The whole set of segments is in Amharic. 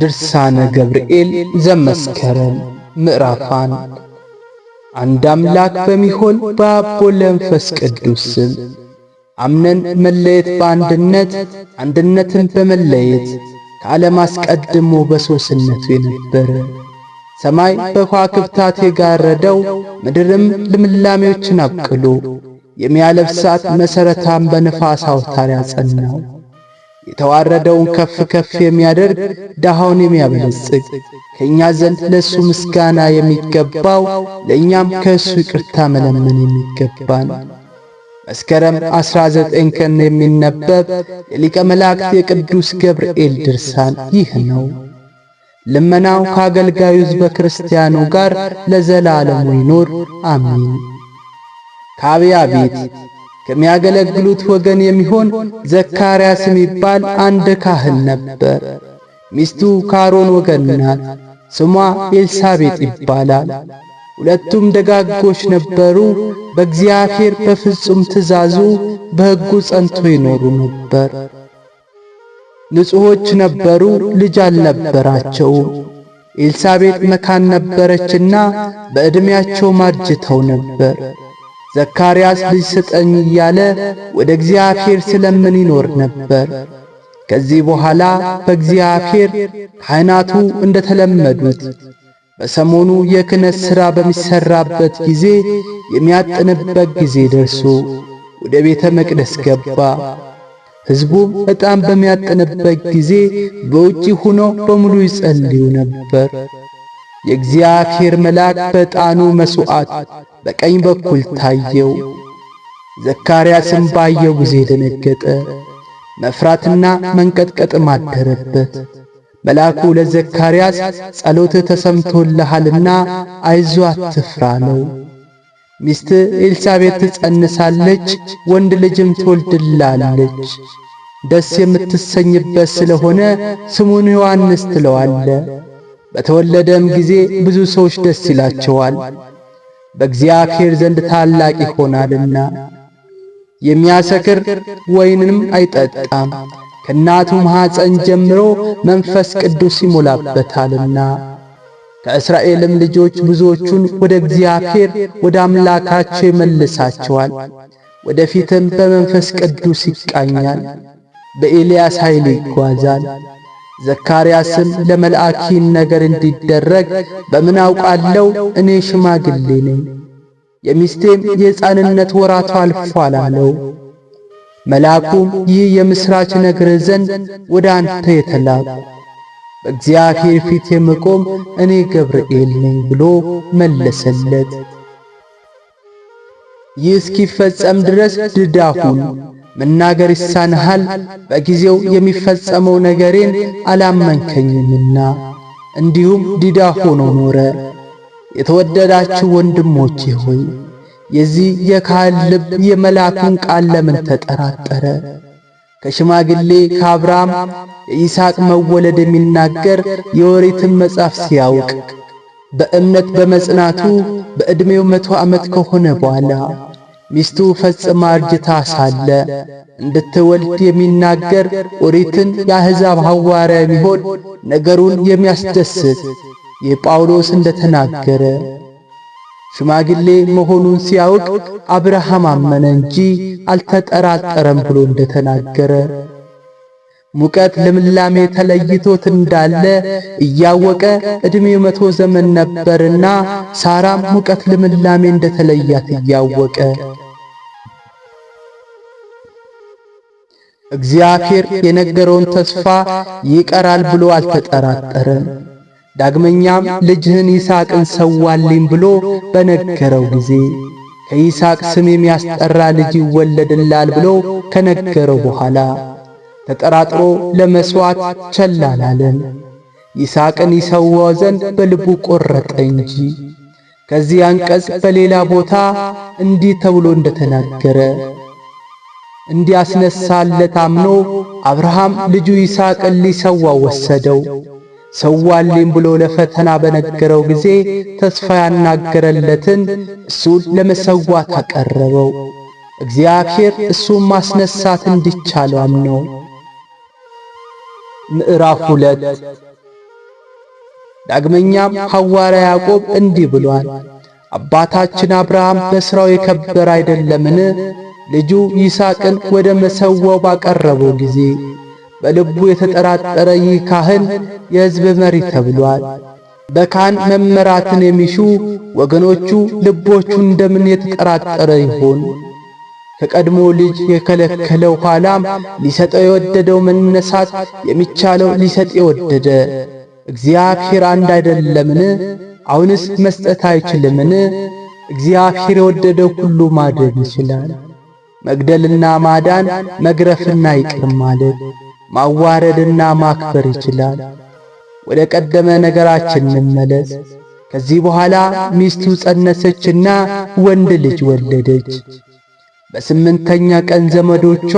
ድርሳነ ገብርኤል ዘመስከረም ምዕራፍ አንድ አንድ አምላክ በሚሆን በአብ ወወልድ ቅዱስ ስም አምነን መለየት በአንድነት አንድነትን በመለየት ከዓለም አስቀድሞ በሦስትነቱ የነበረ ሰማይ በከዋክብታት የጋረደው ምድርም ልምላሜዎችን አብቅሎ የሚያለብሳት መሠረታን በነፋስ አውታር ያጸናው የተዋረደውን ከፍ ከፍ የሚያደርግ ድሃውን የሚያበለጽግ ከእኛ ዘንድ ለእሱ ምስጋና የሚገባው ለእኛም ከእሱ ይቅርታ መለመን የሚገባ ነው። መስከረም 19 ቀን የሚነበብ የሊቀ መላእክት የቅዱስ ገብርኤል ድርሳን ይህ ነው። ልመናው ከአገልጋዩ ሕዝበ ክርስቲያኑ ጋር ለዘላለሙ ይኖር አሚን ከአብያ ቤት ከሚያገለግሉት ወገን የሚሆን ዘካርያስ የሚባል አንድ ካህን ነበር። ሚስቱ ካሮን ወገን ናት። ስሟ ኤልሳቤጥ ይባላል። ሁለቱም ደጋጎች ነበሩ። በእግዚአብሔር በፍጹም ትእዛዙ በሕጉ ጸንቶ ይኖሩ ነበር። ንጹሖች ነበሩ፣ ልጅ አልነበራቸው። ኤልሳቤጥ መካን ነበረችና በዕድሜያቸው ማርጅተው ነበር። ዘካርያስ ልጅ ስጠኝ እያለ ወደ እግዚአብሔር ስለምን ይኖር ነበር። ከዚህ በኋላ በእግዚአብሔር ካህናቱ እንደተለመዱት በሰሞኑ የክህነት ሥራ በሚሠራበት ጊዜ የሚያጥንበት ጊዜ ደርሶ ወደ ቤተ መቅደስ ገባ። ሕዝቡም ዕጣን በሚያጥንበት ጊዜ በውጪ ሆኖ በሙሉ ይጸልዩ ነበር። የእግዚአብሔር መልአክ በጣኑ መሥዋዕት በቀኝ በኩል ታየው። ዘካርያስም ባየው ጊዜ ደነገጠ፣ መፍራትና መንቀጥቀጥም አደረበት። መልአኩ ለዘካርያስ ጸሎት ተሰምቶልሃልና አይዞ አትፍራ ነው። ሚስት ኤልሳቤት ትጸንሳለች፣ ወንድ ልጅም ትወልድላለች። ደስ የምትሰኝበት ስለሆነ ስሙን ዮሐንስ ትለዋለ በተወለደም ጊዜ ብዙ ሰዎች ደስ ይላቸዋል፣ በእግዚአብሔር ዘንድ ታላቅ ይሆናልና። የሚያሰክር ወይንም አይጠጣም፣ ከእናቱ ማኅፀን ጀምሮ መንፈስ ቅዱስ ይሞላበታልና። ከእስራኤልም ልጆች ብዙዎቹን ወደ እግዚአብሔር ወደ አምላካቸው ይመልሳቸዋል። ወደፊትም በመንፈስ ቅዱስ ይቃኛል፣ በኤልያስ ኃይል ይጓዛል። ዘካርያስም ለመልአኪን ነገር እንዲደረግ በምን አውቃለሁ? እኔ ሽማግሌ ነኝ፣ የሚስቴም የሕፃንነት ወራቷ አልፏል አለው። መልአኩም ይህ የምሥራች ነገር ዘንድ ወደ አንተ የተላኩ በእግዚአብሔር ፊት የምቆም እኔ ገብርኤል ነኝ ብሎ መለሰለት። ይህ እስኪፈጸም ድረስ ድዳሁን መናገር ይሳንሃል፣ በጊዜው የሚፈጸመው ነገሬን አላመንከኝምና። እንዲሁም ዲዳ ሆኖ ኖረ። የተወደዳችሁ ወንድሞቼ ሆይ የዚህ የካህን ልብ የመልአኩን ቃል ለምን ተጠራጠረ? ከሽማግሌ ከአብርሃም የይስሐቅ መወለድ የሚናገር የወሪትን መጽሐፍ ሲያውቅ በእምነት በመጽናቱ በዕድሜው መቶ ዓመት ከሆነ በኋላ ሚስቱ ፈጽማ እርጅታ ሳለ እንድትወልድ የሚናገር ኦሪትን የአሕዛብ ሐዋርያ ቢሆን ነገሩን የሚያስደስት የጳውሎስ እንደተናገረ ሽማግሌ መሆኑን ሲያውቅ አብርሃም አመነ እንጂ አልተጠራጠረም ብሎ እንደተናገረ ሙቀት ልምላሜ ተለይቶት እንዳለ እያወቀ እድሜ መቶ ዘመን ነበርና ሳራም ሙቀት ልምላሜ እንደተለያት እያወቀ እግዚአብሔር የነገረውን ተስፋ ይቀራል ብሎ አልተጠራጠረም። ዳግመኛም ልጅህን ይስሐቅን ሰዋልኝ ብሎ በነገረው ጊዜ ከይስሐቅ ስም የሚያስጠራ ልጅ ይወለድላል ብሎ ከነገረው በኋላ ተጠራጥሮ ለመስዋዕት ቸል አላለም። ይስሐቅን ይሰዋ ዘንድ በልቡ ቆረጠ እንጂ። ከዚህ አንቀጽ በሌላ ቦታ እንዲህ ተብሎ እንደተናገረ እንዲያስነሳለት አምኖ አብርሃም ልጁ ይስሐቅን ሊሰዋ ወሰደው። ሰዋልኝ ብሎ ለፈተና በነገረው ጊዜ ተስፋ ያናገረለትን እሱን ለመሰዋት አቀረበው። እግዚአብሔር እሱን ማስነሳት እንዲቻለው አምነው ምዕራፍ ሁለት ዳግመኛም ሐዋርያ ያዕቆብ እንዲህ ብሏል፣ አባታችን አብርሃም በሥራው የከበረ አይደለምን? ልጁ ይስሐቅን ወደ መሰዋው ባቀረበው ጊዜ በልቡ የተጠራጠረ ይህ ካህን የሕዝብ መሪ ተብሏል። በካህን መመራትን የሚሹ ወገኖቹ ልቦቹ እንደምን የተጠራጠረ ይሆን? ከቀድሞ ልጅ የከለከለው ኋላም ሊሰጠው የወደደው መነሳት የሚቻለው ሊሰጥ የወደደ እግዚአብሔር አንድ አይደለምን? አሁንስ መስጠት አይችልምን? እግዚአብሔር የወደደው ሁሉ ማድረግ ይችላል። መግደልና ማዳን፣ መግረፍና ይቅር ማለት፣ ማዋረድና ማክበር ይችላል። ወደ ቀደመ ነገራችን እንመለስ። ከዚህ በኋላ ሚስቱ ጸነሰችና ወንድ ልጅ ወለደች። በስምንተኛ ቀን ዘመዶቿ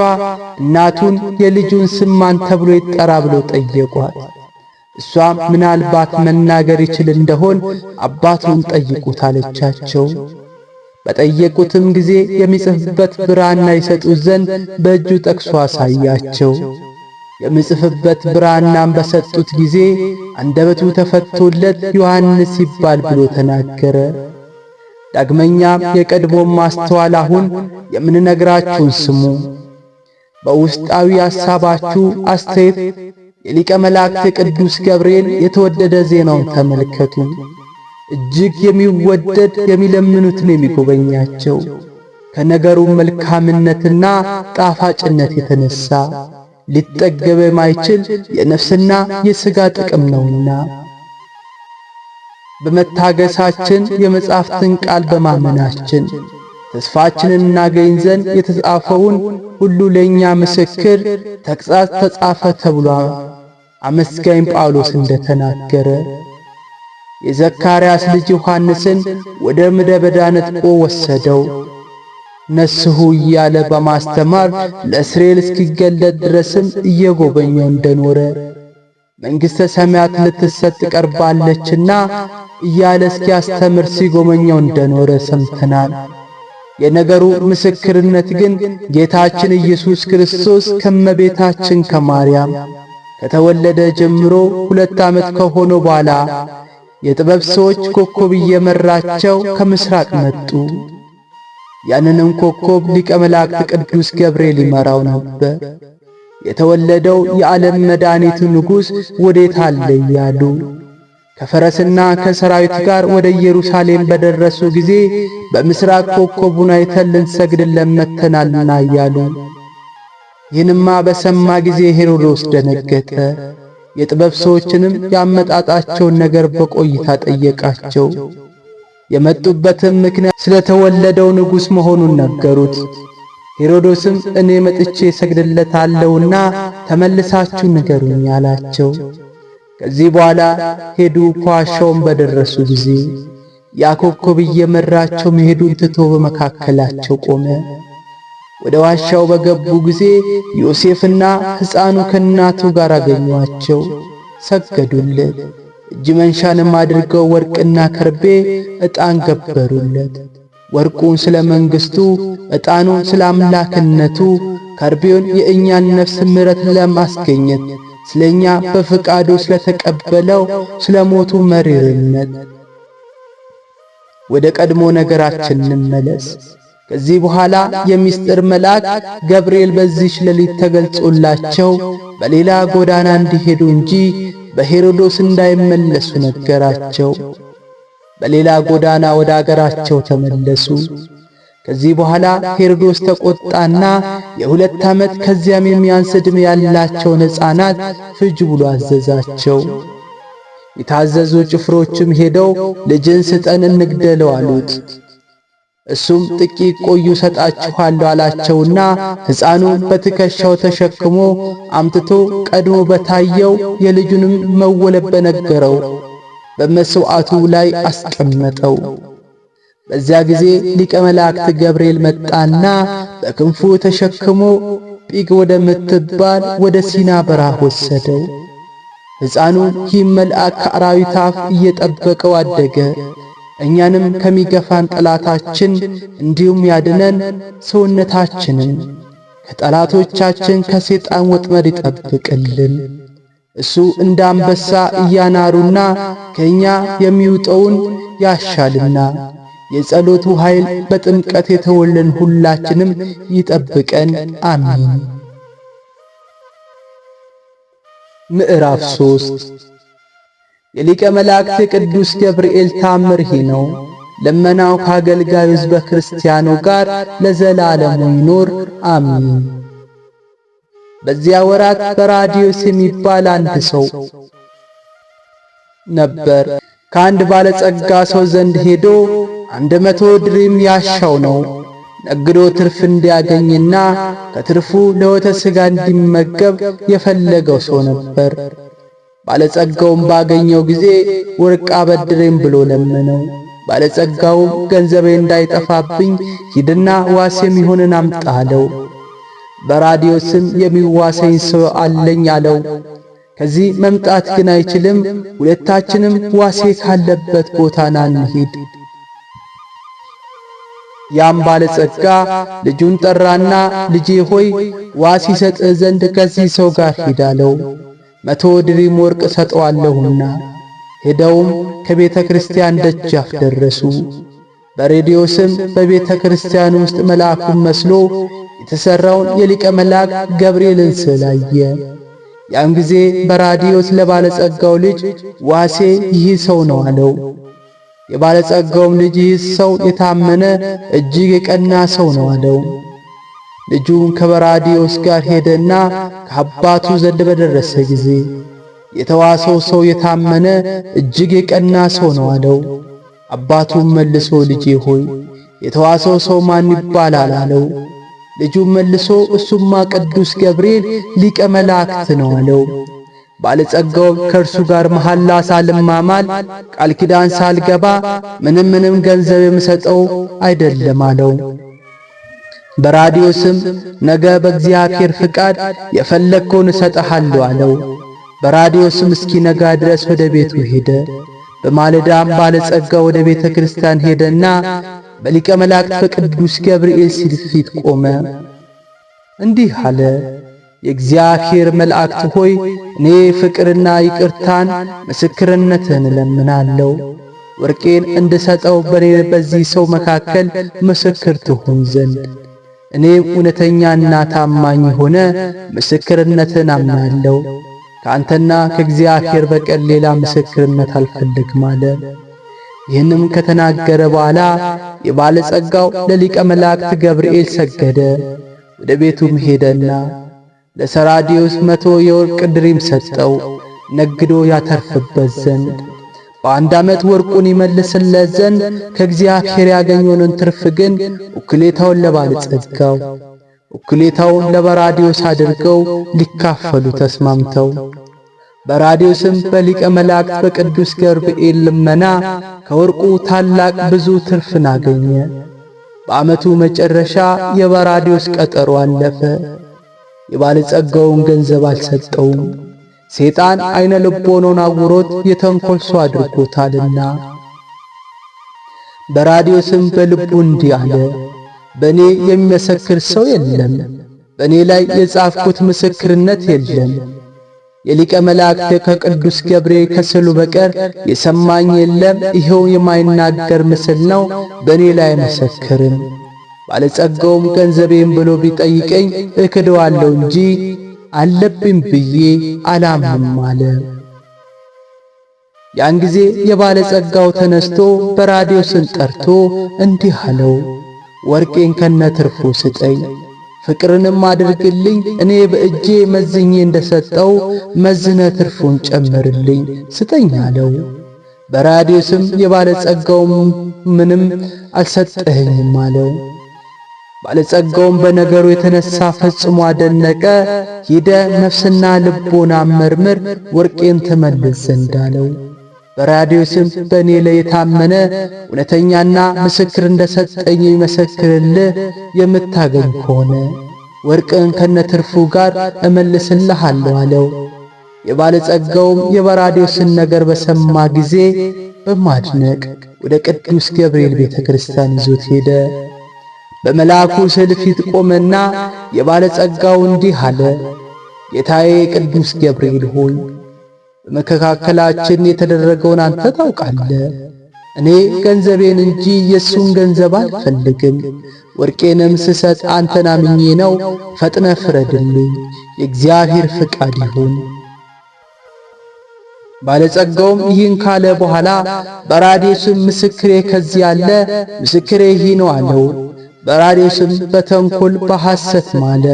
እናቱን የልጁን ስም ማን ተብሎ ይጠራ ብሎ ጠየቋት። እሷም ምናልባት መናገር ይችል እንደሆን አባቱን ጠይቁት አለቻቸው። በጠየቁትም ጊዜ የሚጽፍበት ብራና ይሰጡት ዘንድ በእጁ ጠቅሶ አሳያቸው። የሚጽፍበት ብራናም በሰጡት ጊዜ አንደበቱ ተፈቶለት ዮሐንስ ይባል ብሎ ተናገረ። ዳግመኛም የቀድሞም ማስተዋል አሁን የምንነግራችሁን ስሙ። በውስጣዊ ሐሳባችሁ አስተያየት የሊቀ መላእክት ቅዱስ ገብርኤል የተወደደ ዜናውን ተመልከቱ። እጅግ የሚወደድ የሚለምኑትን የሚጎበኛቸው ከነገሩ መልካምነትና ጣፋጭነት የተነሳ ሊጠገብ የማይችል የነፍስና የሥጋ ጥቅም ነውና በመታገሳችን የመጻሕፍትን ቃል በማመናችን ተስፋችንን እናገኝ ዘንድ የተጻፈውን ሁሉ ለእኛ ምስክር ተግሣጽ ተጻፈ ተብሎ አመስጋኝ ጳውሎስ እንደተናገረ የዘካርያስ ልጅ ዮሐንስን ወደ ምድረ በዳ ነጥቆ ወሰደው። ነስሁ እያለ በማስተማር ለእስራኤል እስኪገለጥ ድረስም እየጎበኘው እንደኖረ መንግሥተ ሰማያት ልትሰጥ ቀርባለችና እያለ እስኪያስተምር ሲጎመኛው እንደኖረ ሰምተናል። የነገሩ ምስክርነት ግን ጌታችን ኢየሱስ ክርስቶስ ከመቤታችን ከማርያም ከተወለደ ጀምሮ ሁለት ዓመት ከሆነ በኋላ የጥበብ ሰዎች ኮከብ እየመራቸው ከምስራቅ መጡ። ያንንም ኮከብ ሊቀ መላእክት ቅዱስ ገብርኤል ይመራው ነበር። የተወለደው የዓለም መድኃኒቱ ንጉሥ ወዴት አለ እያሉ ከፈረስና ከሰራዊት ጋር ወደ ኢየሩሳሌም በደረሱ ጊዜ በምሥራቅ ኮከቡን አይተን ልንሰግድለት መጥተናልና እያሉ። ይህንማ በሰማ ጊዜ ሄሮድስ ደነገጠ። የጥበብ ሰዎችንም ያመጣጣቸውን ነገር በቆይታ ጠየቃቸው። የመጡበትም ምክንያት ስለተወለደው ንጉሥ መሆኑን ነገሩት። ሄሮዶስም እኔ መጥቼ ሰግድለታለሁና ተመልሳችሁ ንገሩኝ አላቸው። ከዚህ በኋላ ሄዱ። ኳሻውም በደረሱ ጊዜ ያዕቆብ ኮብ እየመራቸው መሄዱን ትቶ በመካከላቸው ቆመ። ወደ ዋሻው በገቡ ጊዜ ዮሴፍና ሕፃኑ ከእናቱ ጋር አገኟቸው። ሰገዱለት። እጅ መንሻንም አድርገው ወርቅና ከርቤ ዕጣን ገበሩለት። ወርቁን ስለ መንግስቱ፣ ዕጣኑን ስለ አምላክነቱ፣ ከርቤውን የእኛን ነፍስ ምረት ለማስገኘት ስለኛ በፍቃዱ ስለተቀበለው ስለ ሞቱ መሪርነት ወደ ቀድሞ ነገራችን እንመለስ። ከዚህ በኋላ የሚስጥር መልአክ ገብርኤል በዚች ሌሊት ተገልጾላቸው በሌላ ጎዳና እንዲሄዱ እንጂ በሄሮዶስ እንዳይመለሱ ነገራቸው። በሌላ ጎዳና ወደ አገራቸው ተመለሱ። ከዚህ በኋላ ሄሮድስ ተቆጣና የሁለት ዓመት ከዚያም የሚያንስ ዕድሜ ያላቸውን ሕፃናት ፍጅ ብሎ አዘዛቸው። የታዘዙ ጭፍሮችም ሄደው ልጅን ስጠን እንግደለው አሉት። እሱም ጥቂት ቆዩ ሰጣችኋለሁ አላቸውና ህፃኑ በትከሻው ተሸክሞ አምጥቶ ቀድሞ በታየው የልጁንም መወለድ በነገረው በመሥዋዕቱ ላይ አስቀመጠው። በዚያ ጊዜ ሊቀ መላእክት ገብርኤል መጣና በክንፉ ተሸክሞ ጲግ ወደ ምትባል ወደ ሲና በረሃ ወሰደው። ሕፃኑ ይህም መልአክ ከአራዊት አፍ እየጠበቀው አደገ። እኛንም ከሚገፋን ጠላታችን እንዲሁም ያድነን ሰውነታችንን ከጠላቶቻችን ከሴጣን ወጥመድ ይጠብቅልን። እሱ እንደ አንበሳ እያናሩና ከእኛ የሚውጠውን ያሻልና የጸሎቱ ኃይል በጥምቀት የተወለን ሁላችንም ይጠብቀን፣ አሚን። ምዕራፍ ሶስት የሊቀ መላእክት ቅዱስ ገብርኤል ታምር ይህ ነው። ለመናው ከአገልጋዩ ሕዝበ ክርስቲያኑ ጋር ለዘላለሙ ይኖር፣ አሚን። በዚያ ወራት በራዲዮስ የሚባል አንድ ሰው ነበር። ከአንድ ባለጸጋ ሰው ዘንድ ሄዶ አንድ መቶ ድሪም ያሻው ነው ነግዶ ትርፍ እንዲያገኝና ከትርፉ ለወተ ሥጋ እንዲመገብ የፈለገው ሰው ነበር። ባለጸጋውም ባገኘው ጊዜ ወርቅ አበድሬም ብሎ ለመነው። ባለጸጋውም ገንዘቤ እንዳይጠፋብኝ ሂድና ዋስ የሚሆንን አምጣለው። በራዲዮ ስም የሚዋሰኝ ሰው አለኝ አለው። ከዚህ መምጣት ግን አይችልም። ሁለታችንም ዋሴ ካለበት ቦታ ና እንሂድ። ያም ባለጸጋ ልጁን ጠራና ልጄ ሆይ ዋስ ሰጥ ዘንድ ከዚህ ሰው ጋር ሄዳለው መቶ ድሪም ወርቅ ሰጠዋለሁና ሄደውም ከቤተ ክርስቲያን ደጃፍ ደረሱ። በሬዲዮ ስም በቤተ ክርስቲያን ውስጥ መልአኩን መስሎ የተሠራውን የሊቀ መልአክ ገብርኤልን ስዕል አየ። ያን ጊዜ በራዲዮስ ለባለጸጋው ልጅ ዋሴ ይህ ሰው ነው አለው። የባለጸጋውም ልጅ ይህ ሰው የታመነ እጅግ የቀና ሰው ነው አለው። ልጁም ከበራዲዮስ ጋር ሄደና ከአባቱ ዘንድ በደረሰ ጊዜ የተዋሰው ሰው የታመነ እጅግ የቀና ሰው ነው አለው። አባቱም መልሶ ልጄ ሆይ የተዋሰው ሰው ማን ይባላል አለው። ልጁም መልሶ እሱማ ቅዱስ ገብርኤል ሊቀ መላእክት ነው አለው። ባለጸጋው ከእርሱ ጋር መሐላ ሳልማማል ቃል ኪዳን ሳልገባ ምንም ምንም ገንዘብ የምሰጠው አይደለም አለው። በራዲዮስም ነገ በእግዚአብሔር ፍቃድ የፈለግከውን እሰጥሃለሁ አለው። በራዲዮስም እስኪነጋ ድረስ ወደ ቤቱ ሄደ። በማለዳም ባለጸጋ ወደ ቤተ ክርስቲያን ሄደና በሊቀ መላእክት በቅዱስ ገብርኤል ሲል ፊት ቆመ። እንዲህ አለ፣ የእግዚአብሔር መልአክት ሆይ እኔ ፍቅርና ይቅርታን ምስክርነትን እለምናለሁ። ወርቄን እንድሰጠው በኔ በዚህ ሰው መካከል ምስክር ትሆን ዘንድ እኔም እውነተኛና ታማኝ የሆነ ምስክርነትን አምናለሁ። ከአንተና ከእግዚአብሔር በቀር ሌላ ምስክርነት አልፈልግም አለ። ይህንም ከተናገረ በኋላ የባለጸጋው ለሊቀ መላእክት ገብርኤል ሰገደ። ወደ ቤቱም ሄደና ለሰራዲዮስ መቶ የወርቅ ድሪም ሰጠው ነግዶ ያተርፍበት ዘንድ በአንድ ዓመት ወርቁን ይመልስለት ዘንድ ከእግዚአብሔር ያገኘውን ትርፍ ግን ውክሌታውን ለባለጸጋው እኩሌታውን ለበራዲዮስ አድርገው ሊካፈሉ ተስማምተው በራዲዮስም በሊቀ መላእክት በቅዱስ ገብርኤል ልመና ከወርቁ ታላቅ ብዙ ትርፍን አገኘ። በዓመቱ መጨረሻ የበራዲዮስ ቀጠሮ አለፈ። የባለጸጋውን ገንዘብ አልሰጠውም፣ ሴጣን አይነ ልቦናውን አውሮት የተንኮል ሰው አድርጎታልና። በራዲዮስም በልቡ እንዲህ አለ፦ በእኔ የሚመሰክር ሰው የለም፣ በእኔ ላይ የጻፍኩት ምስክርነት የለም። የሊቀ መላእክት ከቅዱስ ገብርኤል ከስዕሉ በቀር የሰማኝ የለም። ይኸው የማይናገር ምስል ነው፣ በእኔ ላይ አይመሰክርም። ባለጸጋውም ገንዘቤን ብሎ ቢጠይቀኝ እክደዋለሁ እንጂ አለብኝ ብዬ አላምንም አለ። ያን ጊዜ የባለጸጋው ተነስቶ ስን ጠርቶ እንዲህ አለው። ወርቄን ከነትርፉ ስጠኝ፣ ፍቅርንም አድርግልኝ። እኔ በእጄ መዝኜ እንደሰጠው መዝነ ትርፉን ጨምርልኝ ስጠኝ አለው። በራዲዮስም የባለጸጋውም ምንም አልሰጠኸኝም አለው። ባለጸጋውም በነገሩ የተነሳ ፈጽሞ አደነቀ። ሂደ ነፍስና ልቦና መርምር ወርቄን ትመልስ ዘንድ አለው። በራዲዮስም በእኔ ላይ የታመነ እውነተኛና ምስክር እንደሰጠኝ የሚመሰክርልህ የምታገኝ ከሆነ ወርቅን ከነትርፉ ጋር እመልስልሃለሁ አለው። የባለጸጋውም የበራዲዮስን ነገር በሰማ ጊዜ በማድነቅ ወደ ቅዱስ ገብርኤል ቤተ ክርስቲያን ይዞት ሄደ። በመልአኩ ስዕል ፊት ቆመና የባለጸጋው እንዲህ አለ፣ ጌታዬ ቅዱስ ገብርኤል ሆይ መካከላችን የተደረገውን አንተ ታውቃለህ። እኔ ገንዘቤን እንጂ የእሱን ገንዘብ አልፈልግም። ወርቄንም ስሰጥ አንተን አምኜ ነው። ፈጥነ ፍረድልኝ፣ የእግዚአብሔር ፍቃድ ይሁን። ባለጸጋውም ይህን ካለ በኋላ በራዴሱም ምስክሬ ከዚህ ያለ ምስክሬ ይህ ነው አለው። በራዴሱም በተንኮል በሐሰት ማለ።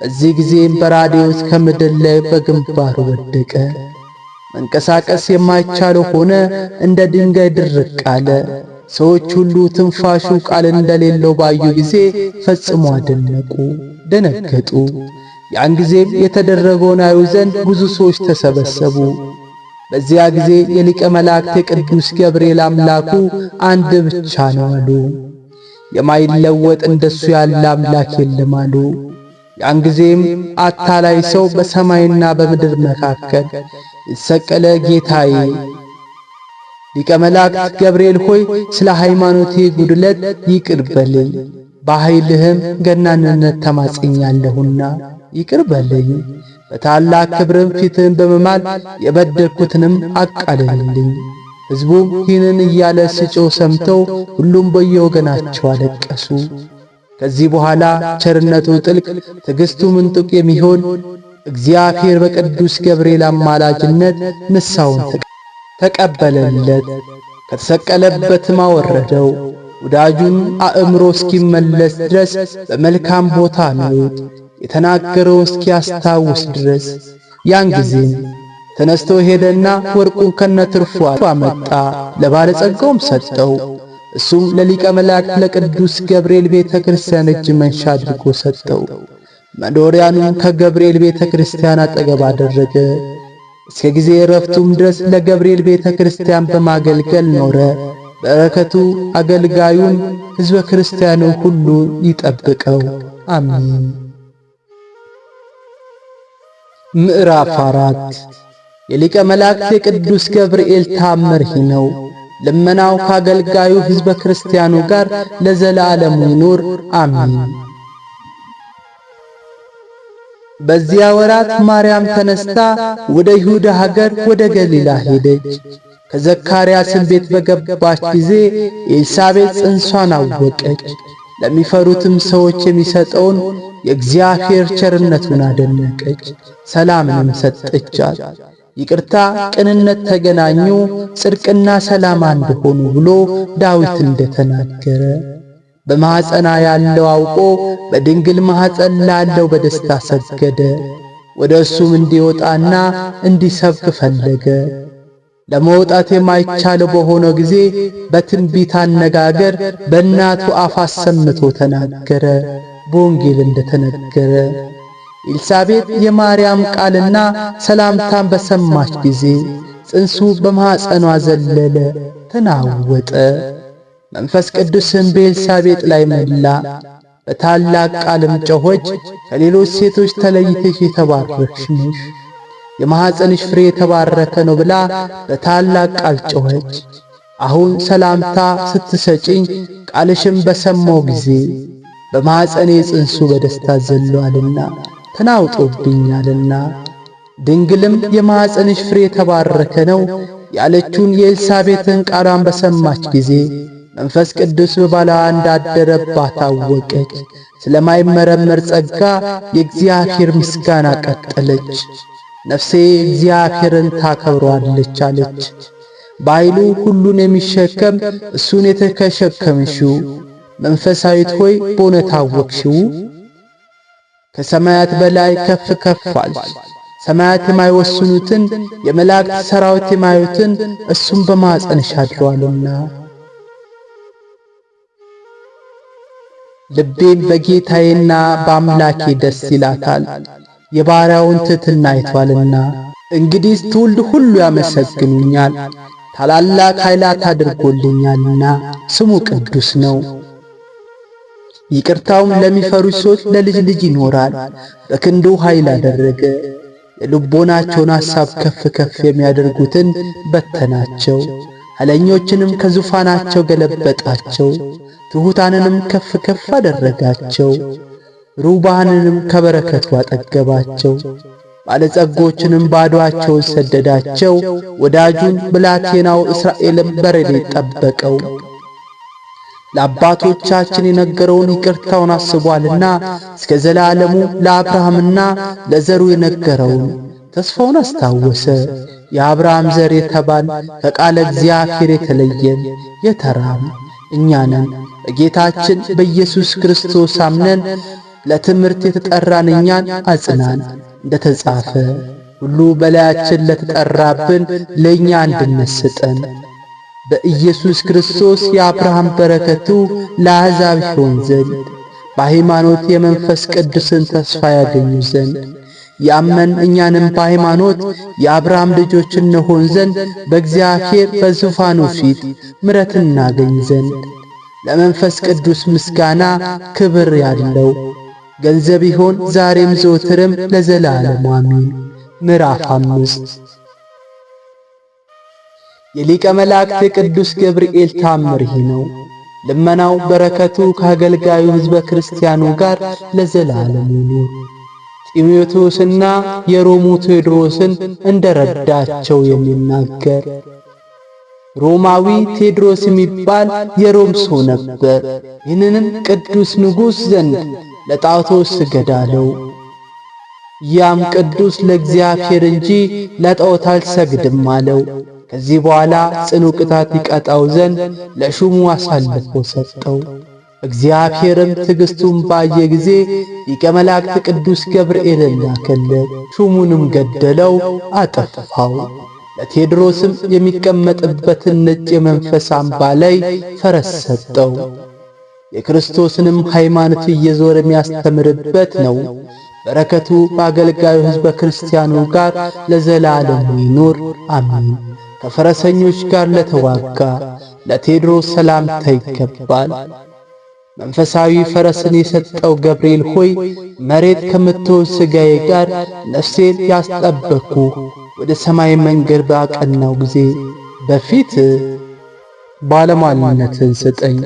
በዚህ ጊዜም በራዴዎስ ከምድር ላይ በግንባር ወደቀ። መንቀሳቀስ የማይቻለው ሆነ፣ እንደ ድንጋይ ድርቅ አለ። ሰዎች ሁሉ ትንፋሹ ቃል እንደሌለው ባዩ ጊዜ ፈጽሞ አደነቁ፣ ደነገጡ። ያን ጊዜም የተደረገውን አዩ ዘንድ ብዙ ሰዎች ተሰበሰቡ። በዚያ ጊዜ የሊቀ መላእክት የቅዱስ ገብርኤል አምላኩ አንድ ብቻ ነው አሉ። የማይለወጥ እንደሱ ያለ አምላክ የለም አሉ። ያን ጊዜም አታላይ ሰው በሰማይና በምድር መካከል የተሰቀለ ጌታዬ ሊቀ መላእክት ገብርኤል ሆይ ስለ ሃይማኖቴ ጉድለት ይቅርበልኝ፣ በኃይልህም ገናንነት ተማጽኛለሁና ይቅርበልኝ። በታላቅ ክብርም ፊትህን በመማል የበደልኩትንም አቃልልልኝ። ሕዝቡም ይህንን እያለ ስጮ ሰምተው ሁሉም በየወገናቸው አለቀሱ። ከዚህ በኋላ ቸርነቱ ጥልቅ ትዕግሥቱ ምንጥቅ የሚሆን እግዚአብሔር በቅዱስ ገብርኤል አማላጅነት ንሳውን ተቀበለለት፣ ከተሰቀለበትም አወረደው። ወዳጁን አእምሮ እስኪመለስ ድረስ በመልካም ቦታ ነው የተናገረው እስኪያስታውስ ድረስ። ያን ጊዜም ተነስቶ ሄደና ወርቁን ከነትርፉ አመጣ፣ ለባለጸጋውም ሰጠው። እሱም ለሊቀ መላእክት ለቅዱስ ገብርኤል ቤተ ክርስቲያን እጅ መንሻ አድርጎ ሰጠው። መኖሪያኑን ከገብርኤል ቤተ ክርስቲያን አጠገብ አደረገ። እስከ ጊዜ እረፍቱም ድረስ ለገብርኤል ቤተ ክርስቲያን በማገልገል ኖረ። በረከቱ አገልጋዩን ሕዝበ ክርስቲያኑ ሁሉ ይጠብቀው፣ አሚን። ምዕራፍ አራት የሊቀ መላእክት የቅዱስ ገብርኤል ታምር ነው። ልመናው ካገልጋዩ ሕዝበ ክርስቲያኑ ጋር ለዘላለሙ ይኑር፣ አሚን። በዚያ ወራት ማርያም ተነስታ ወደ ይሁዳ ሀገር ወደ ገሊላ ሄደች። ከዘካርያስን ቤት በገባች ጊዜ ኤልሳቤጥ ጽንሷን አወቀች። ለሚፈሩትም ሰዎች የሚሰጠውን የእግዚአብሔር ቸርነቱን አደነቀች፣ ሰላምንም ሰጠቻት። ይቅርታ፣ ቅንነት ተገናኙ፣ ጽድቅና ሰላም አንድ ሆኑ ብሎ ዳዊት እንደተናገረ በማኅፀና ያለው አውቆ በድንግል ማኅፀን ላለው በደስታ ሰገደ። ወደ እርሱም እንዲወጣና እንዲሰብክ ፈለገ። ለመውጣት የማይቻለው በሆነ ጊዜ በትንቢት አነጋገር በእናቱ አፍ አሰምቶ ተናገረ። በወንጌል እንደተነገረ ኤልሳቤጥ የማርያም ቃልና ሰላምታን በሰማች ጊዜ ጽንሱ በማኅፀኗ ዘለለ፣ ተናወጠ። መንፈስ ቅዱስም በኤልሳቤጥ ላይ መላ። በታላቅ ቃልም ጮኸች፣ ከሌሎች ሴቶች ተለይተሽ የተባረክሽ ነሽ፣ የማኅፀንሽ ፍሬ የተባረከ ነው ብላ በታላቅ ቃል ጮኸች። አሁን ሰላምታ ስትሰጪኝ ቃልሽም በሰማው ጊዜ በማኅፀኔ ጽንሱ በደስታ ዘሏልና ተናውጦብኛልና ድንግልም የማኅፀንሽ ፍሬ የተባረከ ነው ያለችውን የኤልሳቤጥን ቃሏን በሰማች ጊዜ መንፈስ ቅዱስ በባልዋ እንዳደረባት ታወቀች። ስለማይመረመር ጸጋ የእግዚአብሔር ምስጋና ቀጠለች። ነፍሴ እግዚአብሔርን ታከብሯለች አለች። በኃይሉ ሁሉን የሚሸከም እሱን የተከሸከምሽው መንፈሳዊት ሆይ በእውነት አወቅሽው። ከሰማያት በላይ ከፍ ከፍ ሰማያት የማይወስኑትን የመላእክት ሰራዊት የማዩትን እሱም በማኅፀንሽ አድሯልና ልቤን በጌታዬና በአምላኬ ደስ ይላታል፣ የባሪያውን ትትና አይቷልና። እንግዲህ ትውልድ ሁሉ ያመሰግኑኛል፣ ታላላቅ ኃይላት አድርጎልኛልና። ስሙ ቅዱስ ነው። ይቅርታውን ለሚፈሩ ሰዎች ለልጅ ልጅ ይኖራል። በክንዱ ኃይል አደረገ። የልቦናቸውን ሐሳብ ከፍ ከፍ የሚያደርጉትን በተናቸው። ኃይለኞችንም ከዙፋናቸው ገለበጣቸው። ትሑታንንም ከፍ ከፍ አደረጋቸው። ሩባንንም ከበረከቱ አጠገባቸው። ባለጸጎችንም ባዷቸው ሰደዳቸው። ወዳጁን ብላቴናው እስራኤልም በረድ ጠበቀው። ለአባቶቻችን የነገረውን ይቅርታውን አስቧልና እስከ ዘላለሙ ለአብርሃምና ለዘሩ የነገረውን ተስፋውን አስታወሰ። የአብርሃም ዘር የተባል ከቃለ እግዚአብሔር የተለየን የተራም እኛንን በጌታችን በኢየሱስ ክርስቶስ አምነን ለትምህርት የተጠራን እኛን አጽናን እንደተጻፈ ሁሉ በላያችን ለተጠራብን ለእኛ እንድንሰጠን በኢየሱስ ክርስቶስ የአብርሃም በረከቱ ለአሕዛብ ይሆን ዘንድ በሃይማኖት የመንፈስ ቅዱስን ተስፋ ያገኙ ዘንድ ያመን እኛንም በሃይማኖት የአብርሃም ልጆች እንሆን ዘንድ በእግዚአብሔር በዙፋኑ ፊት ምረት እናገኝ ዘንድ ለመንፈስ ቅዱስ ምስጋና ክብር ያለው ገንዘብ ይሆን ዛሬም ዘወትርም ለዘላለም አሜን። ምዕራፍ አምስት የሊቀ መላእክት ቅዱስ ገብርኤል ታምር ይህ ነው። ልመናው በረከቱ ከአገልጋዩ ሕዝበ ክርስቲያኑ ጋር ለዘላለም ይኑር። ጢሞቴዎስና የሮሙ ቴዎድሮስን እንደረዳቸው የሚናገር ሮማዊ ቴዎድሮስ የሚባል የሮም ሰው ነበር። ይህንንም ቅዱስ ንጉሥ ዘንድ ለጣዖት ስገድ አለው። ያም ቅዱስ ለእግዚአብሔር እንጂ ለጣዖት አልሰግድም አለው። ከዚህ በኋላ ጽኑ ቅጣት ይቀጣው ዘንድ ለሹሙ አሳልፎ ሰጠው። እግዚአብሔርም ትግስቱን ባየ ጊዜ ሊቀ መላእክት ቅዱስ ገብርኤልን ላከለት። ሹሙንም ገደለው፣ አጠፋው። ለቴዎድሮስም የሚቀመጥበትን ነጭ የመንፈስ አምባ ላይ ፈረስ ሰጠው። የክርስቶስንም ሃይማኖት እየዞረ የሚያስተምርበት ነው። በረከቱ በአገልጋዩ ሕዝበ ክርስቲያኑ ጋር ለዘላለሙ ይኑር፣ አሚን። ከፈረሰኞች ጋር ለተዋጋ ለቴድሮስ ሰላምታ ይገባል። መንፈሳዊ ፈረስን የሰጠው ገብርኤል ሆይ መሬት ከምትሆን ሥጋዬ ጋር ነፍሴን ያስጠበቅኩ ወደ ሰማይ መንገድ ባቀናው ጊዜ በፊት ባለሟልነትን ስጠኝ።